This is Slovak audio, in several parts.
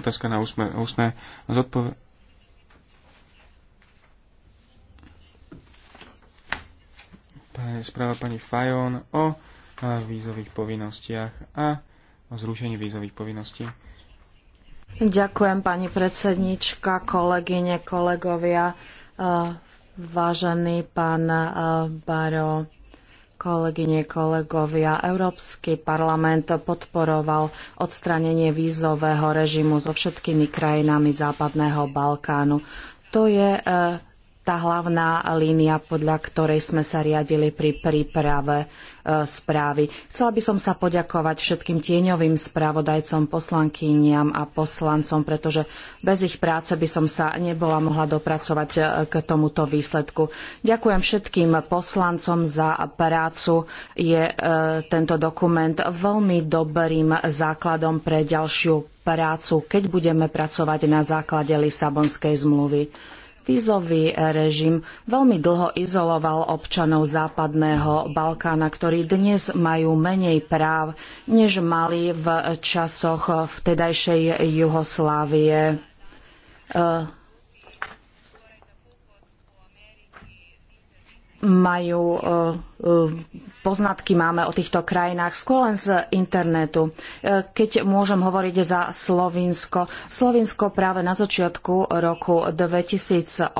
otázka na ústne, ústne zodpove- správa pani Fajon o vízových povinnostiach a o zrušení vízových povinností. Ďakujem pani predsednička, kolegyne, kolegovia, vážený pán Baro. Kolegyne, kolegovia, Európsky parlament podporoval odstránenie vízového režimu so všetkými krajinami Západného Balkánu. To je e, tá hlavná línia, podľa ktorej sme sa riadili pri príprave e, správy. Chcela by som sa poďakovať všetkým tieňovým spravodajcom, poslankyniam a poslancom, pretože bez ich práce by som sa nebola mohla dopracovať e, k tomuto výsledku. Ďakujem všetkým poslancom za prácu. Je e, tento dokument veľmi dobrým základom pre ďalšiu prácu, keď budeme pracovať na základe Lisabonskej zmluvy vízový režim veľmi dlho izoloval občanov Západného Balkána, ktorí dnes majú menej práv, než mali v časoch vtedajšej Juhoslávie. E, majú eh, poznatky máme o týchto krajinách skôr len z internetu. Eh, keď môžem hovoriť za Slovinsko, Slovinsko práve na začiatku roku 2008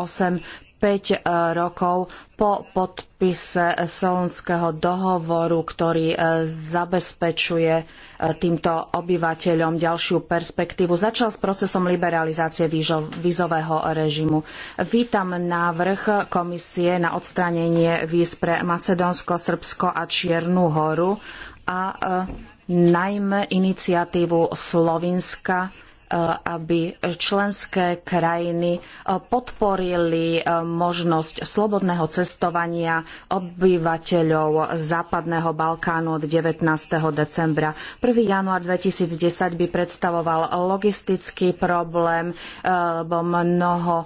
5 e, rokov po podpise Solunského dohovoru, ktorý e, zabezpečuje e, týmto obyvateľom ďalšiu perspektívu, začal s procesom liberalizácie vízového režimu. Vítam návrh komisie na odstránenie víz pre Macedónsko, Srbsko a Čiernu horu a najmä iniciatívu Slovinska, aby členské krajiny e, podporili e, možnosť slobodného cestovania obyvateľov Západného Balkánu od 19. decembra. 1. január 2010 by predstavoval logistický problém, lebo mnoho e,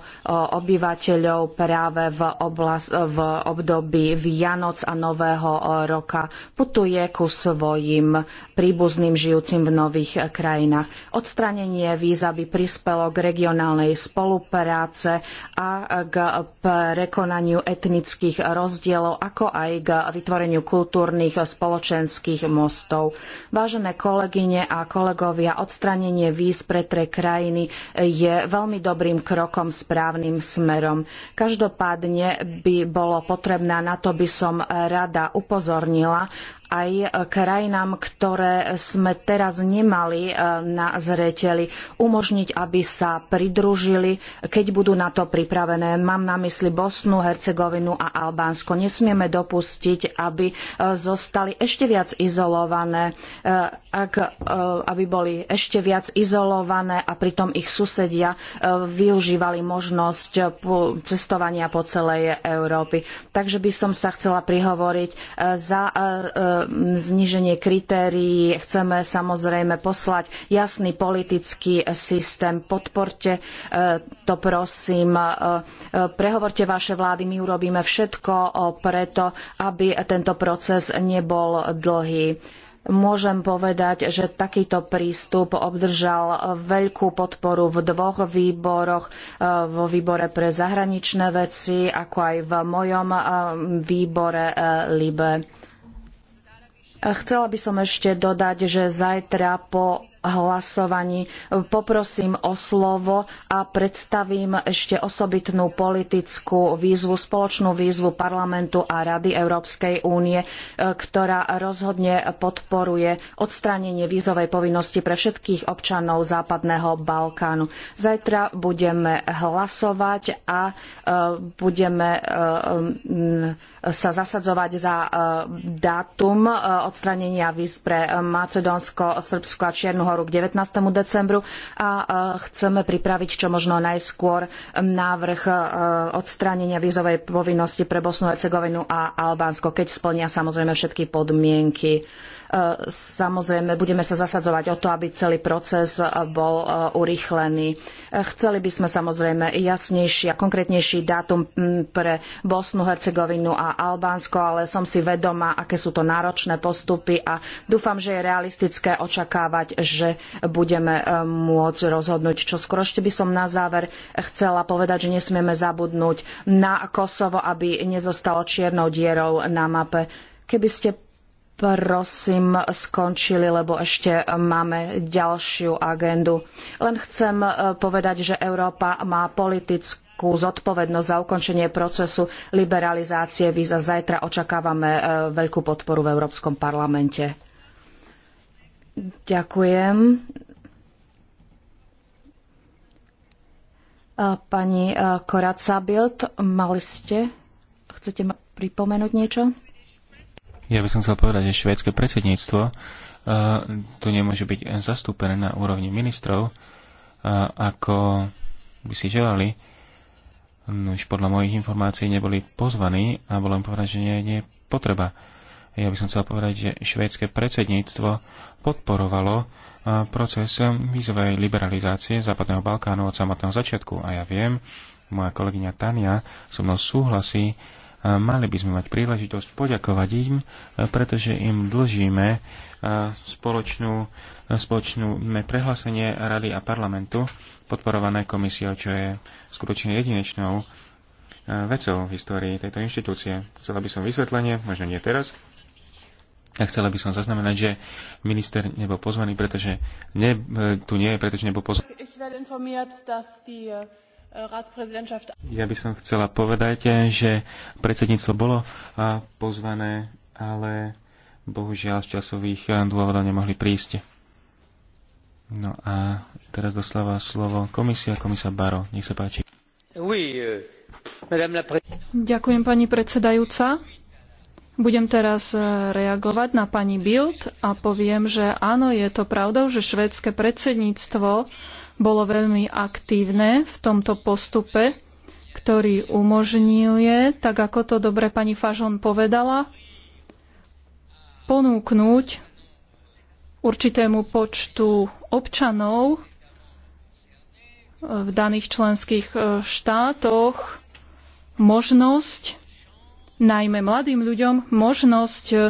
obyvateľov práve v, oblast, v období Vianoc a Nového roka putuje ku svojim príbuzným žijúcim v nových krajinách. Odstranenie víz, aby prispelo k regionálnej spolupráce a k prekonaniu etnických rozdielov, ako aj k vytvoreniu kultúrnych spoločenských mostov. Vážené kolegyne a kolegovia, odstránenie víz pre tre krajiny je veľmi dobrým krokom správnym smerom. Každopádne by bolo potrebné, a na to by som rada upozornila, aj e, krajinám, ktoré sme teraz nemali e, na zreteli, umožniť, aby sa pridružili, keď budú na to pripravené. Mám na mysli Bosnu, Hercegovinu a Albánsko. Nesmieme dopustiť, aby e, zostali ešte viac izolované, aby boli ešte viac izolované a pritom ich susedia využívali možnosť cestovania po celej Európy. Takže by som sa chcela prihovoriť za zníženie kritérií. Chceme samozrejme poslať jasný politický systém. Podporte e, to prosím. E, e, prehovorte vaše vlády. My urobíme všetko preto, aby tento proces nebol dlhý môžem povedať, že takýto prístup obdržal veľkú podporu v dvoch výboroch, vo výbore pre zahraničné veci, ako aj v mojom výbore LIBE. Chcela by som ešte dodať, že zajtra po hlasovaní. Poprosím o slovo a predstavím ešte osobitnú politickú výzvu, spoločnú výzvu parlamentu a Rady Európskej únie, e, ktorá rozhodne podporuje odstránenie vízovej povinnosti pre všetkých občanov Západného Balkánu. Zajtra budeme hlasovať a e, budeme e, sa zasadzovať za dátum odstránenia víz pre Macedónsko, Srbsko a Čiernu k 19. decembru a e, chceme pripraviť čo možno najskôr návrh e, odstránenia vízovej povinnosti pre Bosnu, Hercegovinu a Albánsko, keď splnia samozrejme všetky podmienky. E, samozrejme, budeme sa zasadzovať o to, aby celý proces bol urýchlený. Chceli by sme samozrejme jasnejší a konkrétnejší dátum pre Bosnu, Hercegovinu a Albánsko, ale som si vedomá, aké sú to náročné postupy a dúfam, že je realistické očakávať, že že budeme e, môcť rozhodnúť. Čo skoro ešte by som na záver chcela povedať, že nesmieme zabudnúť na Kosovo, aby nezostalo čiernou dierou na mape. Keby ste prosím skončili, lebo ešte máme ďalšiu agendu. Len chcem e, povedať, že Európa má politickú zodpovednosť za ukončenie procesu liberalizácie víz a zajtra očakávame e, veľkú podporu v Európskom parlamente. Ďakujem. Pani Koraca Bild, mali ste, chcete ma pripomenúť niečo? Ja by som chcel povedať, že švédske predsedníctvo tu nemôže byť zastúpené na úrovni ministrov, ako by si želali. No už podľa mojich informácií neboli pozvaní a bolo im povedať, že nie je potreba ja by som chcel povedať, že švédske predsedníctvo podporovalo proces vízovej liberalizácie Západného Balkánu od samotného začiatku. A ja viem, moja kolegyňa Tania so mnou súhlasí, mali by sme mať príležitosť poďakovať im, pretože im dlžíme spoločnú, spoločnú prehlásenie Rady a parlamentu, podporované komisiou, čo je skutočne jedinečnou vecou v histórii tejto inštitúcie. Chcela by som vysvetlenie, možno nie teraz, ja chcela by som zaznamenať, že minister nebol pozvaný, pretože ne, e, tu nie je, pretože nebol pozvaný. Äh, ja by som chcela povedať, e, že predsedníctvo bolo e, pozvané, ale bohužiaľ z časových dôvodov nemohli prísť. No a teraz dostáva slovo komisia, komisa Baro. Nech sa páči. Euh, Ďakujem, pani predsedajúca. Budem teraz e, reagovať na pani Bild a poviem, že áno, je to pravdou, že švédske predsedníctvo bolo veľmi aktívne v tomto postupe, ktorý umožňuje, tak ako to dobre pani Fažon povedala, ponúknuť určitému počtu občanov e, v daných členských e, štátoch možnosť najmä mladým ľuďom možnosť eh,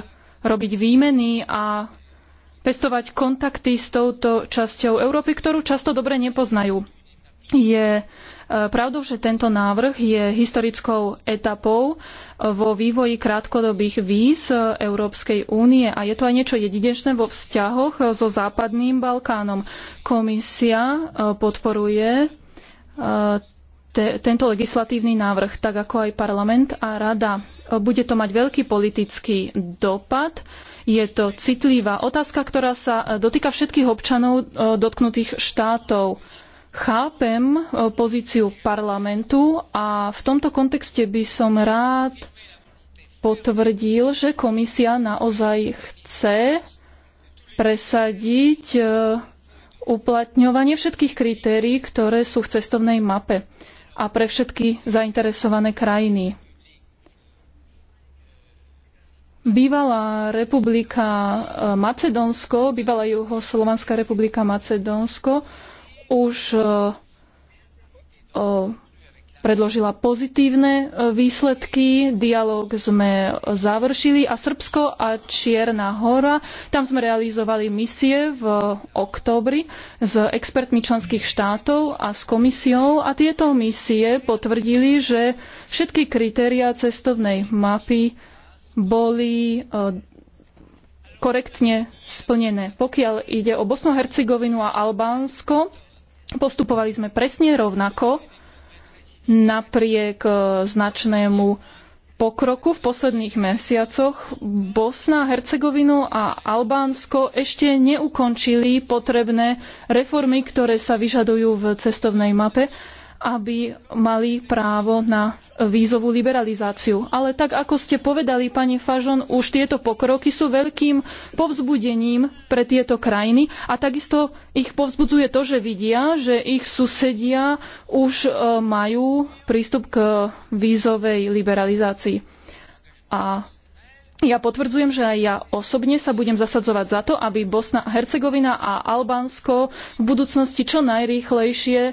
robiť výmeny a pestovať kontakty s touto časťou Európy, ktorú často dobre nepoznajú. Je eh, pravdou, že tento návrh je historickou etapou eh, vo vývoji krátkodobých víz Európskej únie a je to aj niečo jedinečné vo vzťahoch so Západným Balkánom. Komisia podporuje te, tento legislatívny návrh, tak ako aj parlament a rada. Bude to mať veľký politický dopad. Je to citlivá otázka, ktorá sa dotýka všetkých občanov e, dotknutých štátov. Chápem e, pozíciu parlamentu a v tomto kontexte by som rád potvrdil, že komisia naozaj chce presadiť e, uplatňovanie všetkých kritérií, ktoré sú v cestovnej mape a pre všetky zainteresované krajiny. Bývalá republika e, Macedónsko, bývalá Juhoslovanská republika Macedónsko už o, e, e, predložila pozitívne e, výsledky. Dialóg sme završili a Srbsko a Čierna hora, tam sme realizovali misie v októbri s expertmi členských štátov a s komisiou a tieto misie potvrdili, že všetky kritériá cestovnej mapy boli e, korektne splnené. Pokiaľ ide o Bosnu, Hercegovinu a Albánsko, postupovali sme presne rovnako napriek e, značnému pokroku v posledných mesiacoch Bosna, Hercegovinu a Albánsko ešte neukončili potrebné reformy, ktoré sa vyžadujú v cestovnej mape aby mali právo na vízovú liberalizáciu. Ale tak, ako ste povedali, pani Fažon, už tieto pokroky sú veľkým povzbudením pre tieto krajiny a takisto ich povzbudzuje to, že vidia, že ich susedia už e, majú prístup k vízovej liberalizácii. A ja potvrdzujem, že aj ja osobne sa budem zasadzovať za to, aby Bosna a Hercegovina a Albánsko v budúcnosti čo najrýchlejšie e,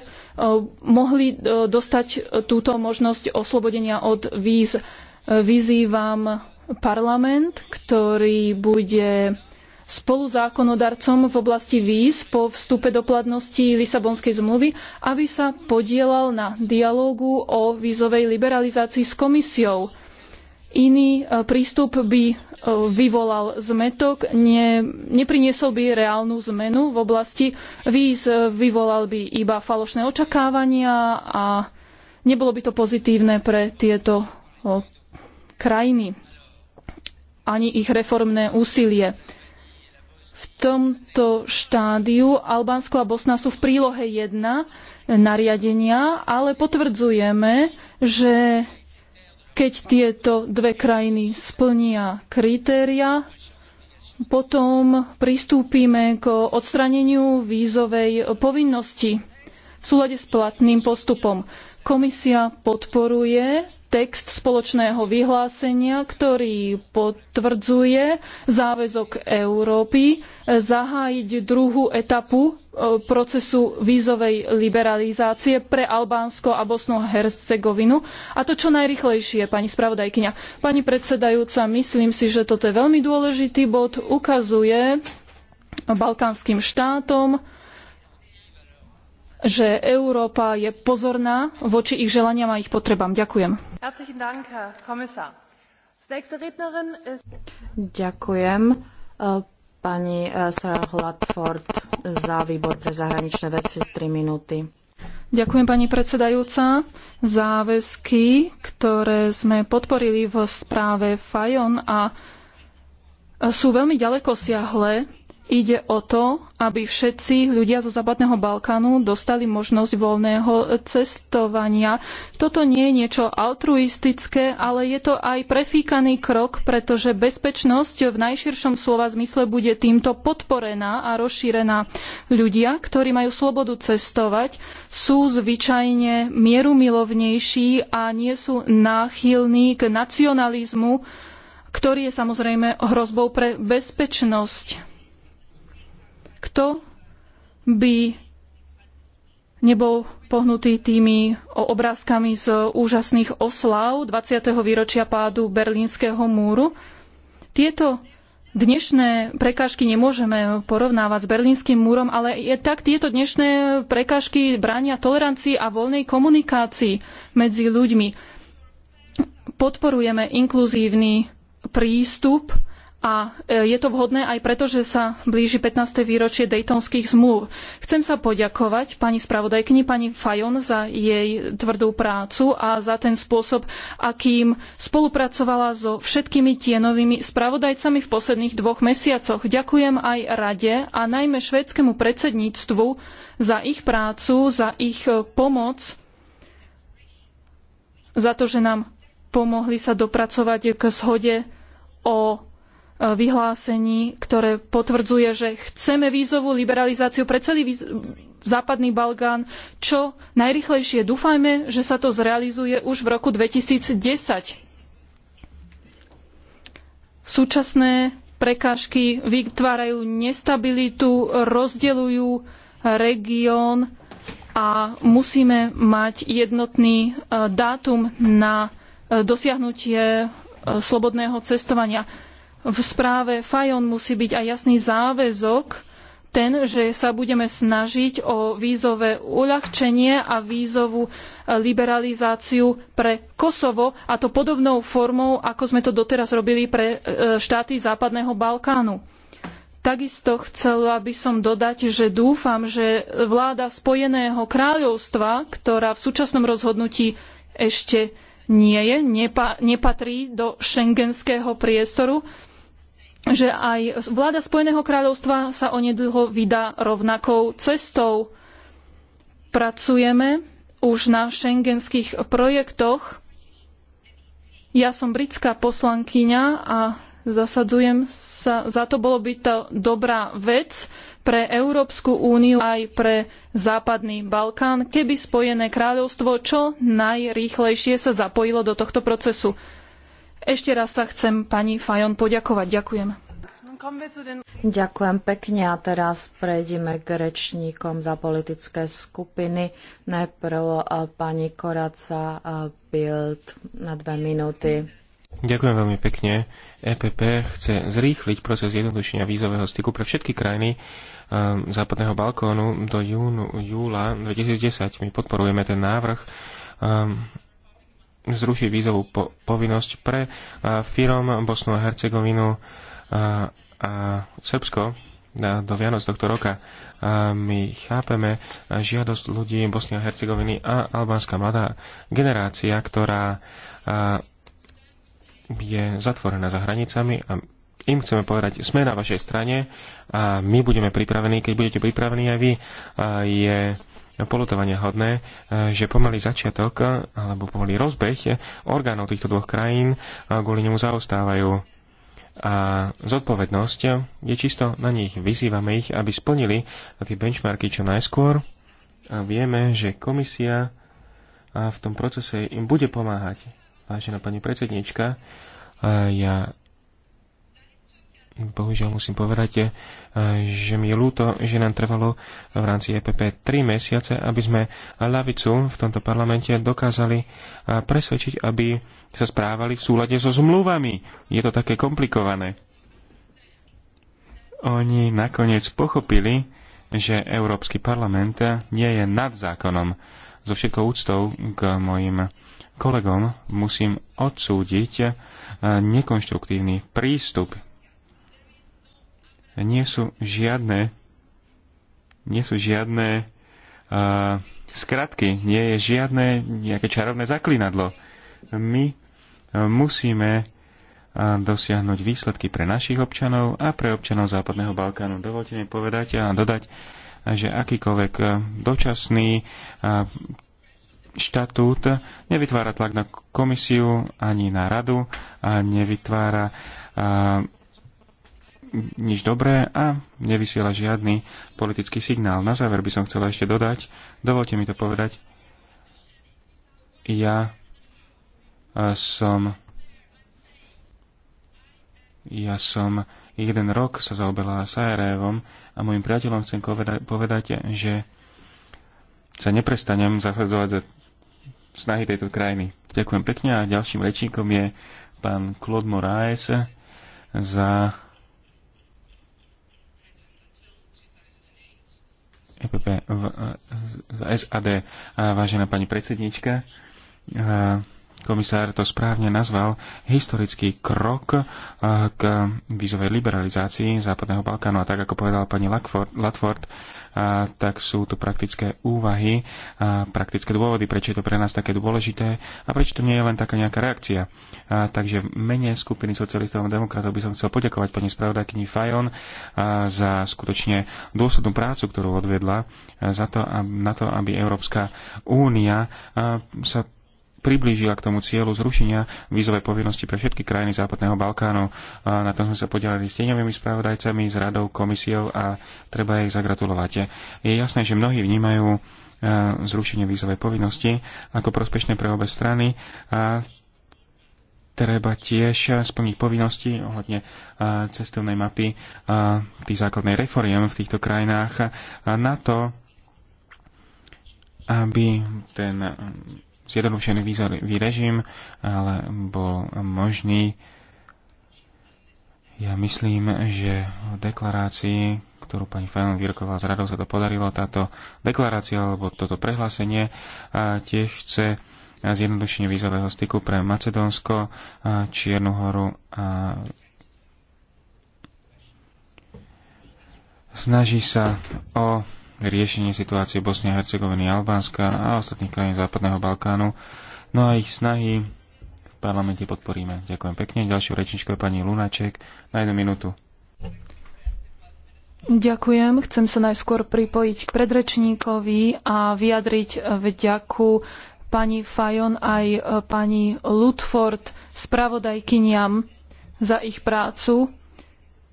mohli e, dostať e, túto možnosť oslobodenia od víz. Vyzývam parlament, ktorý bude spoluzákonodarcom v oblasti víz po vstupe do platnosti Lisabonskej zmluvy, aby sa podielal na dialógu o vízovej liberalizácii s komisiou Iný e, prístup by e, vyvolal zmetok, ne, nepriniesol by reálnu zmenu v oblasti víz, e, vyvolal by iba falošné očakávania a nebolo by to pozitívne pre tieto krajiny ani ich reformné úsilie. V tomto štádiu Albánsko a Bosna sú v prílohe 1 nariadenia, ale potvrdzujeme, že keď tieto dve krajiny splnia kritéria, potom pristúpime k odstraneniu vízovej povinnosti v súlade s platným postupom. Komisia podporuje text spoločného vyhlásenia, ktorý potvrdzuje záväzok Európy zahájiť druhú etapu e, procesu vízovej liberalizácie pre Albánsko a Bosnu a Hercegovinu. A to čo najrychlejšie, pani spravodajkyňa. Pani predsedajúca, myslím si, že toto je veľmi dôležitý bod. Ukazuje balkánskym štátom, že Európa je pozorná voči ich želaniam a ich potrebám. Ďakujem. Ďakujem. Pani eh, Sarah Latford za výbor pre zahraničné veci 3 minúty. Ďakujem pani predsedajúca. Záväzky, ktoré sme podporili v správe Fajon a sú veľmi ďaleko siahle Ide o to, aby všetci ľudia zo Západného Balkánu dostali možnosť voľného cestovania. Toto nie je niečo altruistické, ale je to aj prefíkaný krok, pretože bezpečnosť v najširšom slova zmysle bude týmto podporená a rozšírená. Ľudia, ktorí majú slobodu cestovať, sú zvyčajne mierumilovnejší a nie sú náchylní k nacionalizmu, ktorý je samozrejme hrozbou pre bezpečnosť kto by nebol pohnutý tými obrázkami z úžasných oslav 20. výročia pádu Berlínskeho múru. Tieto dnešné prekážky nemôžeme porovnávať s Berlínskym múrom, ale je tak tieto dnešné prekážky bránia tolerancii a voľnej komunikácii medzi ľuďmi. Podporujeme inkluzívny prístup a e, je to vhodné aj preto, že sa blíži 15. výročie Daytonských zmluv. Chcem sa poďakovať pani spravodajkyni, pani Fajon za jej tvrdú prácu a za ten spôsob, akým spolupracovala so všetkými tienovými spravodajcami v posledných dvoch mesiacoch. Ďakujem aj rade a najmä švédskemu predsedníctvu za ich prácu, za ich e, pomoc, za to, že nám pomohli sa dopracovať k zhode o E, vyhlásení, ktoré potvrdzuje, že chceme vízovú liberalizáciu pre celý víz... západný Balkán čo najrychlejšie. Dúfajme, že sa to zrealizuje už v roku 2010. Súčasné prekážky vytvárajú nestabilitu, rozdeľujú región a musíme mať jednotný e, dátum na e, dosiahnutie slobodného cestovania v správe Fajon musí byť aj jasný záväzok, ten, že sa budeme snažiť o vízové uľahčenie a vízovú e, liberalizáciu pre Kosovo, a to podobnou formou, ako sme to doteraz robili pre e, štáty Západného Balkánu. Takisto chcela by som dodať, že dúfam, že vláda Spojeného kráľovstva, ktorá v súčasnom rozhodnutí ešte nie je, nepa, nepatrí do schengenského priestoru, že aj vláda Spojeného kráľovstva sa onedlho vydá rovnakou cestou. Pracujeme už na schengenských projektoch. Ja som britská poslankyňa a zasadzujem sa za to. Bolo by to dobrá vec pre Európsku úniu aj pre Západný Balkán, keby Spojené kráľovstvo čo najrýchlejšie sa zapojilo do tohto procesu. Ešte raz sa chcem pani Fajon poďakovať. Ďakujem. Ďakujem pekne a teraz prejdeme k rečníkom za politické skupiny. Najprv eh, pani Koraca eh, Bild na dve minúty. Ďakujem veľmi pekne. EPP chce zrýchliť proces jednodušenia vízového styku pre všetky krajiny eh, Západného Balkónu do júnu, júla 2010. My podporujeme ten návrh zrušiť vízovú po- povinnosť pre firom Bosnu a Hercegovinu a, a Srbsko do Vianoc tohto roka. A my chápeme žiadosť ľudí Bosny a Hercegoviny a albánska mladá generácia, ktorá je zatvorená za hranicami a im chceme povedať, sme na vašej strane a my budeme pripravení, keď budete pripravení aj vy. A je polutovania hodné, e, že pomalý začiatok e, alebo pomalý rozbeh e, orgánov týchto dvoch krajín kvôli nemu zaostávajú. A zodpovednosť je čisto na nich. Vyzývame ich, aby splnili tie benchmarky čo najskôr a vieme, že komisia v tom procese im bude pomáhať. Vážená pani predsednička, ja bohužiaľ musím povedať, eh, že mi je ľúto, že nám trvalo v rámci EPP 3 mesiace, aby sme lavicu v tomto parlamente dokázali eh, presvedčiť, aby sa správali v súlade so zmluvami. Je to také komplikované. Oni nakoniec pochopili, že Európsky parlament nie je nad zákonom. So všetkou úctou k mojim kolegom musím odsúdiť eh, nekonštruktívny prístup nie sú žiadne nie sú žiadne uh, skratky, nie je žiadne nejaké čarovné zaklinadlo. My uh, musíme e, dosiahnuť výsledky pre našich občanov a pre občanov Západného Balkánu. Dovolte mi povedať a dodať, že akýkoľvek e, dočasný štatút nevytvára tlak na komisiu ani na radu a nevytvára nič dobré a nevysiela žiadny politický signál. Na záver by som chcela ešte dodať, dovolte mi to povedať, ja e, som ja som jeden rok sa zaoberala Sarajevom a môjim priateľom chcem povedať, že sa neprestanem zasadzovať za snahy tejto krajiny. Ďakujem pekne a ďalším rečníkom je pán Claude Moraes za EPP v, e, z SAD. Vážená pani predsednička, e, komisár to správne nazval, historický krok eh, k vízovej liberalizácii Západného Balkánu. A tak, ako povedala pani Latford, eh, tak sú tu praktické úvahy, praktické dôvody, prečo je to pre nás také dôležité a prečo to nie je len taká nejaká reakcia. Eh, takže v mene skupiny socialistov a demokratov by som chcel poďakovať pani spravodajkyni Fajon za skutočne dôslednú prácu, ktorú odvedla za to, na to, aby Európska únia sa priblížila k tomu cieľu zrušenia vízovej povinnosti pre všetky krajiny Západného Balkánu. A na tom sme sa podelili s tieňovými spravodajcami, s radou, komisiou a treba ich zagratulovať. Je jasné, že mnohí vnímajú e, zrušenie vízovej povinnosti ako prospešné pre obe strany a treba tiež splniť povinnosti ohľadne e, cestovnej mapy tých základnej reforiem v týchto krajinách na to, aby ten zjednodušený vízový režim, ale bol možný. Ja myslím, že v deklarácii, ktorú pani Fajon vyrokovala z radou, sa to podarilo. Táto deklarácia alebo toto prehlásenie tiež chce zjednodušenie vízového styku pre Macedónsko, Čiernu horu a snaží sa o riešenie situácie Bosne a Hercegoviny, Albánska a ostatných krajín Západného Balkánu. No a ich snahy v parlamente podporíme. Ďakujem pekne. Ďalšiu rečničku je pani Lunaček na jednu minútu. Ďakujem. Chcem sa najskôr pripojiť k predrečníkovi a vyjadriť vďaku pani Fajon aj eh, pani Ludford, spravodajkyniam za ich prácu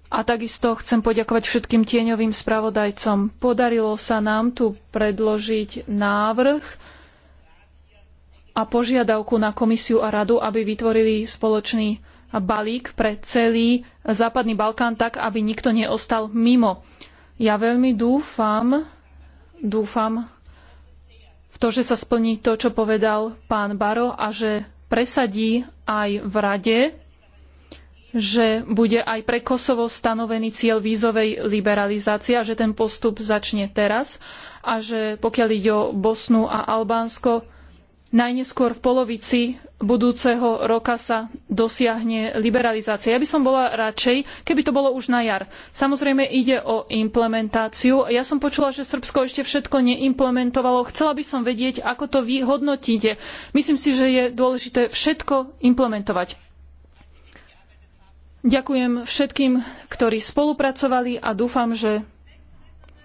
a takisto chcem poďakovať všetkým tieňovým spravodajcom. Podarilo sa nám tu predložiť návrh a požiadavku na komisiu a radu, aby vytvorili spoločný balík pre celý Západný Balkán tak, aby nikto neostal mimo. Ja veľmi dúfam, dúfam v to, že sa splní to, čo povedal pán Baro a že presadí aj v rade že bude aj pre Kosovo stanovený cieľ vízovej liberalizácie a že ten postup začne teraz a že pokiaľ ide o Bosnu a Albánsko, najneskôr v polovici budúceho roka sa dosiahne liberalizácia. Ja by som bola radšej, keby to bolo už na jar. Samozrejme ide o implementáciu. Ja som počula, že Srbsko ešte všetko neimplementovalo. Chcela by som vedieť, ako to vy hodnotíte. Myslím si, že je dôležité všetko implementovať. Ďakujem všetkým, ktorí spolupracovali a dúfam, že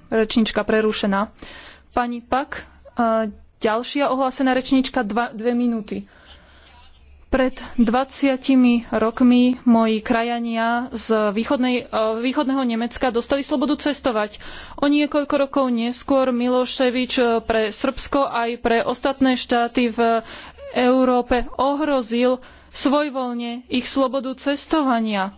rečnička prerušená. Pani Pak, e, ďalšia ohlásená rečnička, dva, dve minúty. Pred 20 rokmi moji krajania z východnej, e, východného Nemecka dostali slobodu cestovať. O niekoľko rokov neskôr Miloševič pre Srbsko aj pre ostatné štáty v Európe ohrozil svojvoľne ich slobodu cestovania.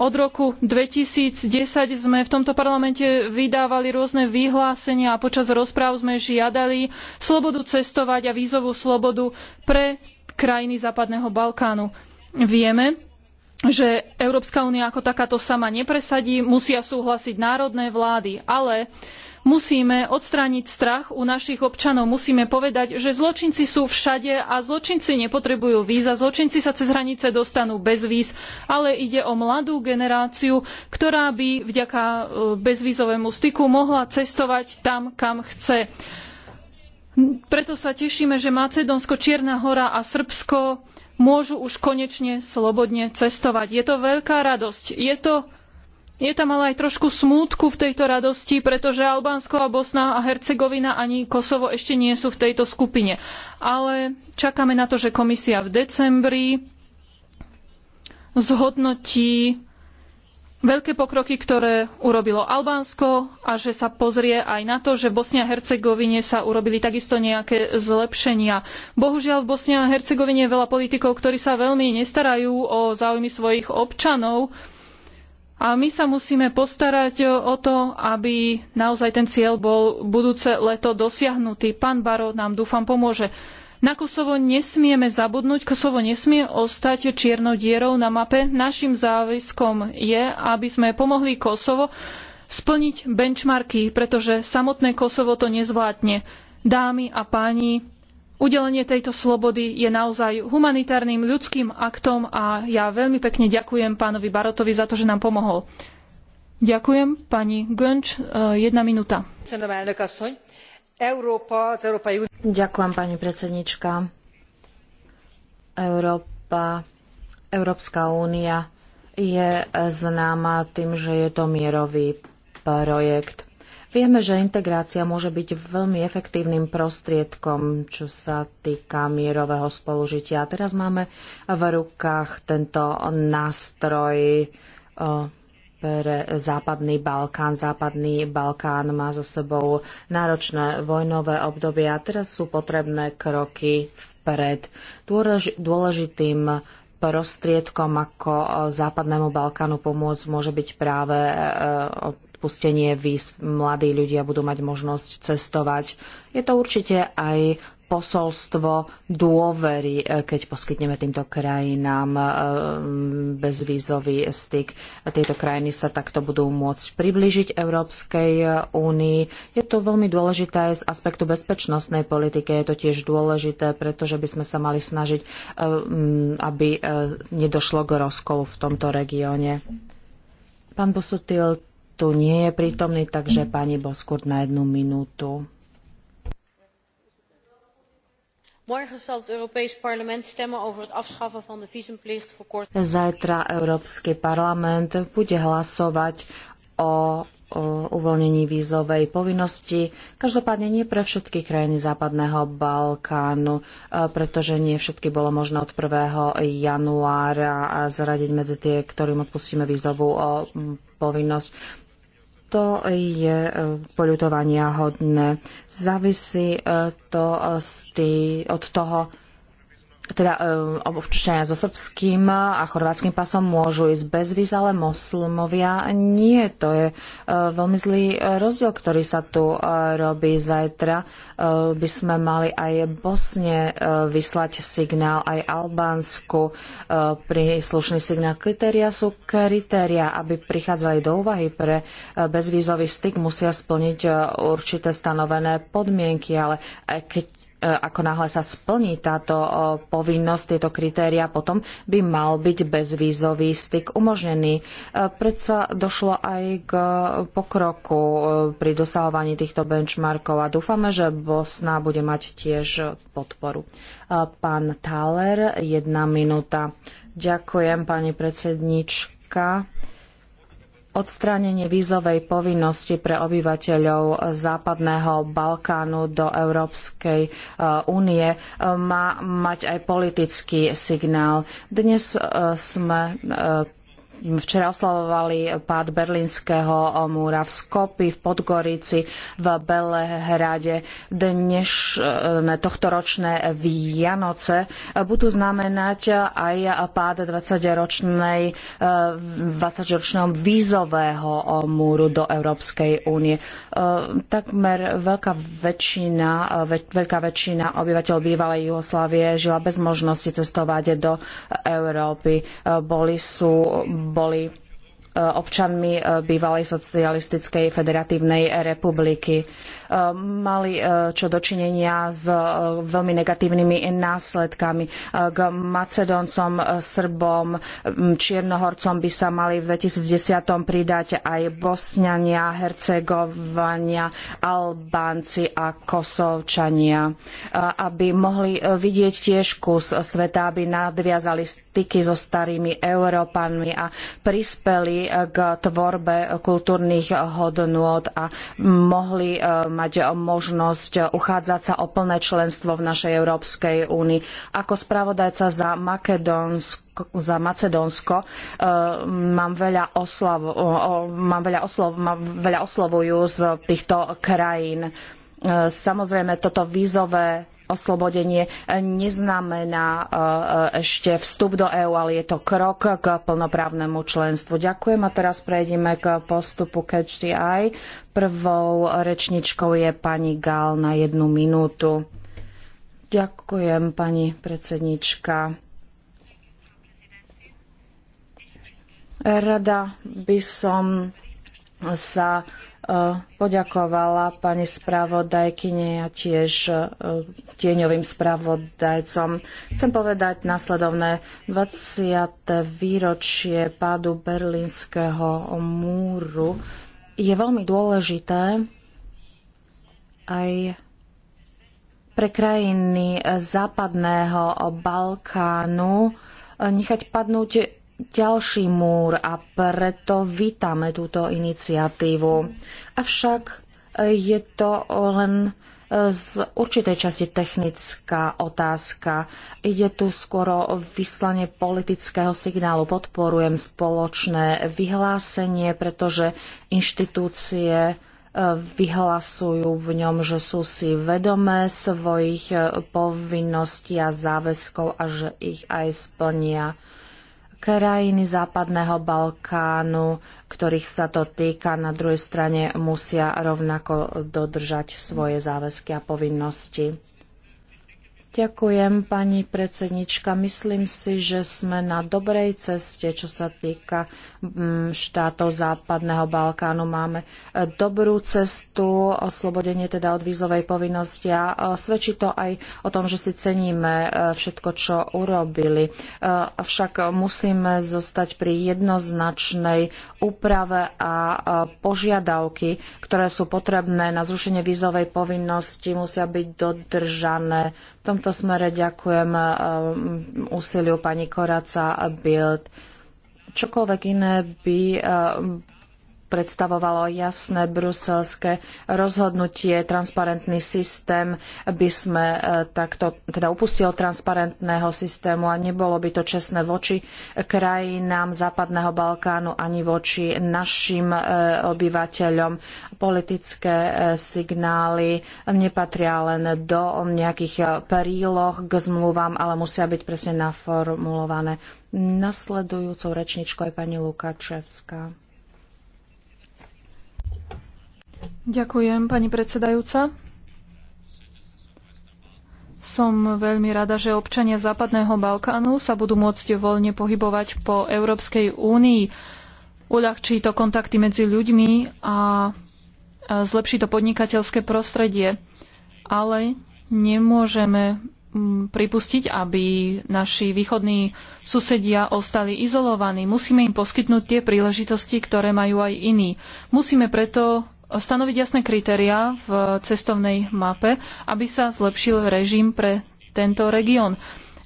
Od roku 2010 sme v tomto parlamente vydávali rôzne vyhlásenia a počas rozpráv sme žiadali slobodu cestovať a vízovú slobodu pre krajiny Západného Balkánu. Vieme, že Európska únia ako takáto sama nepresadí, musia súhlasiť národné vlády, ale musíme odstrániť strach u našich občanov. Musíme povedať, že zločinci sú všade a zločinci nepotrebujú víza, zločinci sa cez hranice dostanú bez víz, ale ide o mladú generáciu, ktorá by vďaka e, bezvízovému styku mohla cestovať tam, kam chce. Preto sa tešíme, že Macedónsko, Čierna hora a Srbsko môžu už konečne slobodne cestovať. Je to veľká radosť. Je, to, je tam ale aj trošku smútku v tejto radosti, pretože Albánsko a Bosna a Hercegovina ani Kosovo ešte nie sú v tejto skupine. Ale čakáme na to, že komisia v decembri zhodnotí veľké pokroky, ktoré urobilo Albánsko a že sa pozrie aj na to, že v Bosne a Hercegovine sa urobili takisto nejaké zlepšenia. Bohužiaľ v Bosne a Hercegovine je veľa politikov, ktorí sa veľmi nestarajú o záujmy svojich občanov a my sa musíme postarať o to, aby naozaj ten cieľ bol budúce leto dosiahnutý. Pán Baro nám dúfam pomôže. Na Kosovo nesmieme zabudnúť, Kosovo nesmie ostať čiernou dierou na mape. Naším záväzkom je, aby sme pomohli Kosovo splniť benchmarky, pretože samotné Kosovo to nezvládne. Dámy a páni, udelenie tejto slobody je naozaj humanitárnym ľudským aktom a ja veľmi pekne ďakujem pánovi Barotovi za to, že nám pomohol. Ďakujem, pani Gönč, eh, jedna minúta. Európa, Ďakujem, pani Európa, Európska únia je známa tým, že je to mierový projekt. Vieme, že integrácia môže byť veľmi efektívnym prostriedkom, čo sa týka mierového spolužitia. A teraz máme v rukách tento nástroj pre Západný Balkán. Západný Balkán má za sebou náročné vojnové obdobie a teraz sú potrebné kroky vpred. Dôležitým prostriedkom, ako Západnému Balkánu pomôcť, môže byť práve e, odpustenie víz. Mladí ľudia budú mať možnosť cestovať. Je to určite aj posolstvo dôvery, e, keď poskytneme týmto krajinám e, bezvízový styk. Tieto krajiny sa takto budú môcť priblížiť Európskej e, únii. Je to veľmi dôležité aj z aspektu bezpečnostnej politiky. Je to tiež dôležité, pretože by sme sa mali snažiť, aby nedošlo k rozkolu v tomto regióne. Pán Busutil tu nie je prítomný, takže pani Boskurt na jednu minútu. Morgen zal het Europees Parlement stemmen over het afschaffen van de visumplicht voor kort. Zajtra Európsky parlament bude hlasovať o uvoľnení vízovej povinnosti. Každopádne nie pre všetky krajiny Západného Balkánu, e, pretože nie všetky bolo možné od 1. januára zaradiť medzi tie, ktorým odpustíme vízovú e, povinnosť to je e, poľutovania hodné. Závisí e, to e, od toho, teda e, občania so srbským a chorvátským pasom môžu ísť bez víz, ale moslimovia nie. To je e, veľmi zlý e, rozdiel, ktorý sa tu robí zajtra. By sme mali aj Bosne vyslať signál, aj Albánsku príslušný signál. Kritéria sú kritéria, aby prichádzali do úvahy pre bezvízový styk, musia splniť určité stanovené podmienky, ale keď E, ako náhle sa splní táto e, povinnosť, tieto kritéria, potom by mal byť bezvízový styk umožnený. E, predsa došlo aj k pokroku pri dosahovaní týchto benchmarkov a dúfame, že Bosna bude mať tiež podporu. Pán Thaler, jedna minúta. Ďakujem, pani predsednička odstránenie vízovej povinnosti pre obyvateľov Západného Balkánu do Európskej eh, únie eh, má mať aj politický signál. Dnes eh, sme Včera oslavovali pád berlínskeho múra v Skopi, v Podgorici, v Belehrade. Dnešné tohtoročné Vianoce budú znamenať aj pád 20-ročnej 20-ročného vízového múru do Európskej únie. Takmer veľká väčšina, veľká väčšina obyvateľov bývalej Juhoslávie žila bez možnosti cestovať do Európy. Boli sú boli občanmi e, bývalej socialistickej federatívnej republiky. E, mali e, čo dočinenia s veľmi negatívnymi následkami. K Macedóncom, Srbom, Čiernohorcom by sa mali v 2010 pridať aj Bosňania, Hercegovania, Albánci a Kosovčania, aby mohli vidieť tiež kus sveta, aby nadviazali styky so starými Európanmi a prispeli k tvorbe kultúrnych hodnôt a mohli e, mať možnosť uchádzať sa o plné členstvo v našej Európskej únii. Ako spravodajca za za Macedónsko. E, mám veľa, oslav, mám veľa oslov, mám veľa oslovujú z týchto krajín. Samozrejme, toto vízové oslobodenie neznamená e, e, ešte vstup do EÚ, ale je to krok k plnoprávnemu členstvu. Ďakujem a teraz prejdeme k postupu Catch the Eye. Prvou rečničkou je pani Gál na jednu minútu. Ďakujem, pani predsednička. Rada by som sa E, poďakovala pani spravodajkyne a tiež e, tieňovým spravodajcom. Chcem povedať nasledovné. 20. výročie pádu berlínskeho múru je veľmi dôležité aj pre krajiny západného Balkánu nechať padnúť ďalší múr a preto vítame túto iniciatívu. Avšak e, je to len e, z určitej časti technická otázka. Ide tu skôr o vyslanie politického signálu. Podporujem spoločné vyhlásenie, pretože inštitúcie e, vyhlasujú v ňom, že sú si vedomé svojich povinností a záväzkov a že ich aj splnia. Krajiny západného Balkánu, ktorých sa to týka, na druhej strane musia rovnako dodržať svoje záväzky a povinnosti. Ďakujem, pani predsednička. Myslím si, že sme na dobrej ceste, čo sa týka mm, štátov Západného Balkánu. Máme e, dobrú cestu, oslobodenie teda od vízovej povinnosti a e, svedčí to aj o tom, že si ceníme e, všetko, čo urobili. Avšak musíme zostať pri jednoznačnej úprave a požiadavky, ktoré sú potrebné na zrušenie vízovej povinnosti, musia byť dodržané v tomto smere ďakujem eh, um, úsiliu pani Koraca Bild. Čokoľvek iné by eh, predstavovalo jasné bruselské rozhodnutie, transparentný systém, by sme e, takto teda upustili transparentného systému a nebolo by to čestné voči krajinám Západného Balkánu ani voči našim e, obyvateľom. Politické e, signály nepatria len do nejakých príloh k zmluvám, ale musia byť presne naformulované. Nasledujúcou rečničkou je pani Lukačevská. Ďakujem, pani predsedajúca. Som veľmi rada, že občania Západného Balkánu sa budú môcť voľne pohybovať po Európskej únii. Uľahčí to kontakty medzi ľuďmi a zlepší to podnikateľské prostredie. Ale nemôžeme pripustiť, aby naši východní susedia ostali izolovaní. Musíme im poskytnúť tie príležitosti, ktoré majú aj iní. Musíme preto stanoviť jasné kritériá v cestovnej mape, aby sa zlepšil režim pre tento región.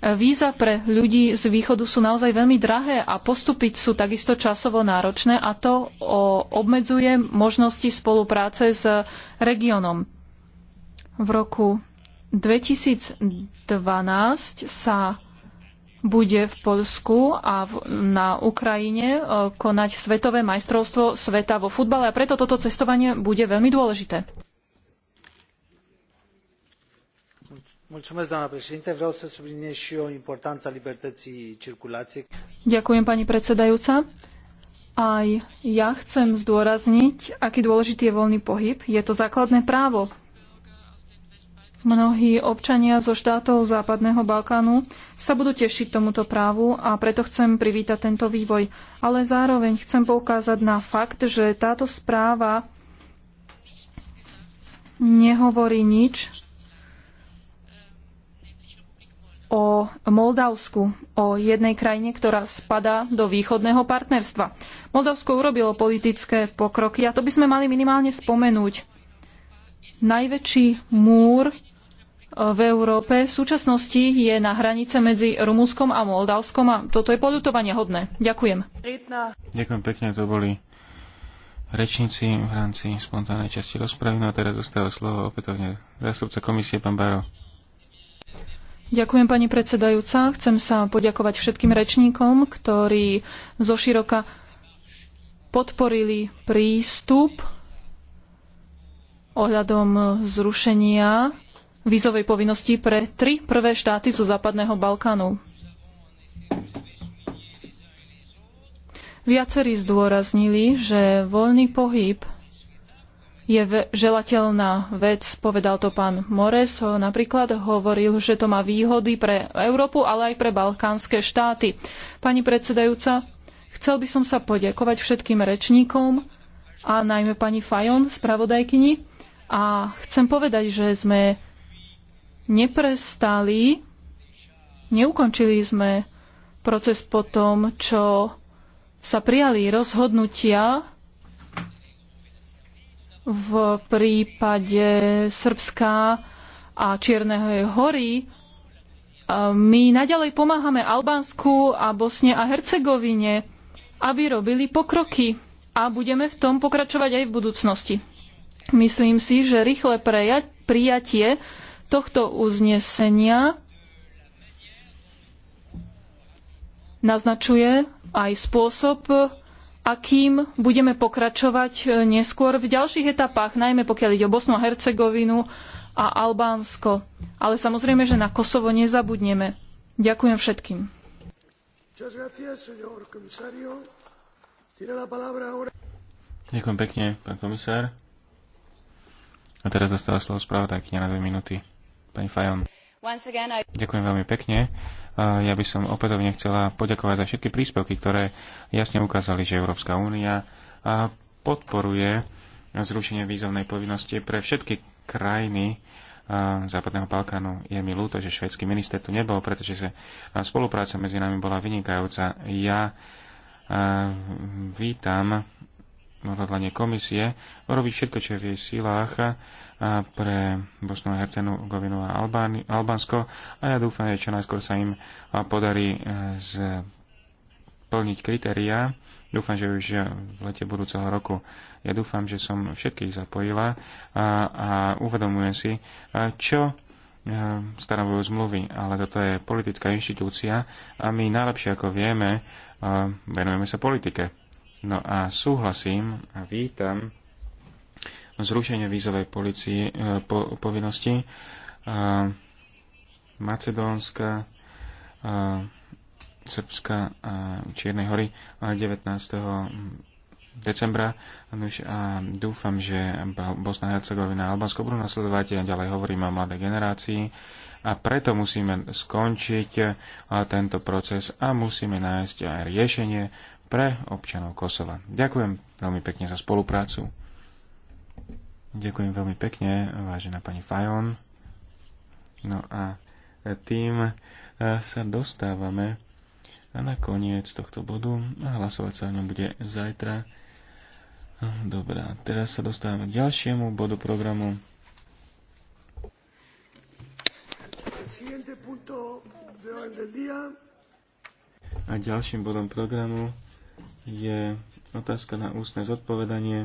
Víza pre ľudí z východu sú naozaj veľmi drahé a postupy sú takisto časovo náročné a to obmedzuje možnosti spolupráce s regiónom. V roku 2012 sa bude v Polsku a v, na Ukrajine e, konať Svetové majstrovstvo sveta vo futbale a preto toto cestovanie bude veľmi dôležité. Vreau să subliniez și eu importanța libertății circulației. Ďakujem, pani predsedajúca. Aj ja chcem zdôrazniť, aký dôležitý je voľný pohyb. Je to základné právo Mnohí občania zo štátov Západného Balkánu sa budú tešiť tomuto právu a preto chcem privítať tento vývoj. Ale zároveň chcem poukázať na fakt, že táto správa nehovorí nič o Moldavsku, o jednej krajine, ktorá spadá do východného partnerstva. Moldavsko urobilo politické pokroky a to by sme mali minimálne spomenúť. Najväčší múr v Európe v súčasnosti je na hranice medzi Rumunskom a Moldavskom a toto je poľutovanie hodné. Ďakujem. Ďakujem pekne, to boli rečníci v rámci spontánnej časti rozpravy. No a teraz zostáva slovo opätovne zástupca komisie, pán Baro. Ďakujem, pani predsedajúca. Chcem sa poďakovať všetkým rečníkom, ktorí zoširoka podporili prístup ohľadom zrušenia vízovej povinnosti pre tri prvé štáty zo Západného Balkánu. Viacerí zdôraznili, že voľný pohyb je želateľná vec, povedal to pán Mores. Napríklad hovoril, že to má výhody pre Európu, ale aj pre balkánske štáty. Pani predsedajúca, chcel by som sa poďakovať všetkým rečníkom a najmä pani Fajon, spravodajkyni. A chcem povedať, že sme neprestali, neukončili sme proces po tom, čo sa prijali rozhodnutia v prípade Srbska a Čierneho hory. My naďalej pomáhame Albánsku a Bosne a Hercegovine, aby robili pokroky a budeme v tom pokračovať aj v budúcnosti. Myslím si, že rýchle prijatie tohto uznesenia naznačuje aj spôsob, akým budeme pokračovať eh, neskôr v ďalších etapách, najmä pokiaľ ide o Bosnu a Hercegovinu a Albánsko. Ale samozrejme, že na Kosovo nezabudneme. Ďakujem všetkým. Ďakujem pekne, pán komisár. A teraz dostáva slovo spravodajkyňa na dve minúty. Pani Fajon. Ďakujem veľmi pekne. Ja by som opätovne chcela poďakovať za všetky príspevky, ktoré jasne ukázali, že Európska únia podporuje zrušenie vízovnej povinnosti pre všetky krajiny Západného Balkánu. Je mi ľúto, že švedský minister tu nebol, pretože sa spolupráca medzi nami bola vynikajúca. Ja vítam odhodlanie komisie urobiť všetko, čo je v jej silách pre Bosnu a Hercegovinu a Albánsko a ja dúfam, že čo najskôr sa im podarí e, splniť kritériá. Dúfam, že už v lete budúceho roku. Ja dúfam, že som všetkých zapojila a, a uvedomujem si, čo e, stanovujú zmluvy, ale toto je politická inštitúcia a my najlepšie ako vieme venujeme sa politike No a súhlasím a vítam zrušenie vízovej policie, e, po, povinnosti e, Macedónska, e, Srbska a Čiernej hory 19. decembra. Nuž a dúfam, že Bosna, Hercegovina a Albánsko budú nasledovať a ďalej hovoríme o mladej generácii a preto musíme skončiť tento proces a musíme nájsť aj riešenie pre občanov Kosova. Ďakujem veľmi pekne za spoluprácu. Ďakujem veľmi pekne, vážená pani Fajon. No a tým eh, sa dostávame na koniec tohto bodu. Hlasovať sa o ňom bude zajtra. Dobrá, teraz sa dostávame k ďalšiemu bodu programu. A ďalším bodom programu je otázka na ústne zodpovedanie.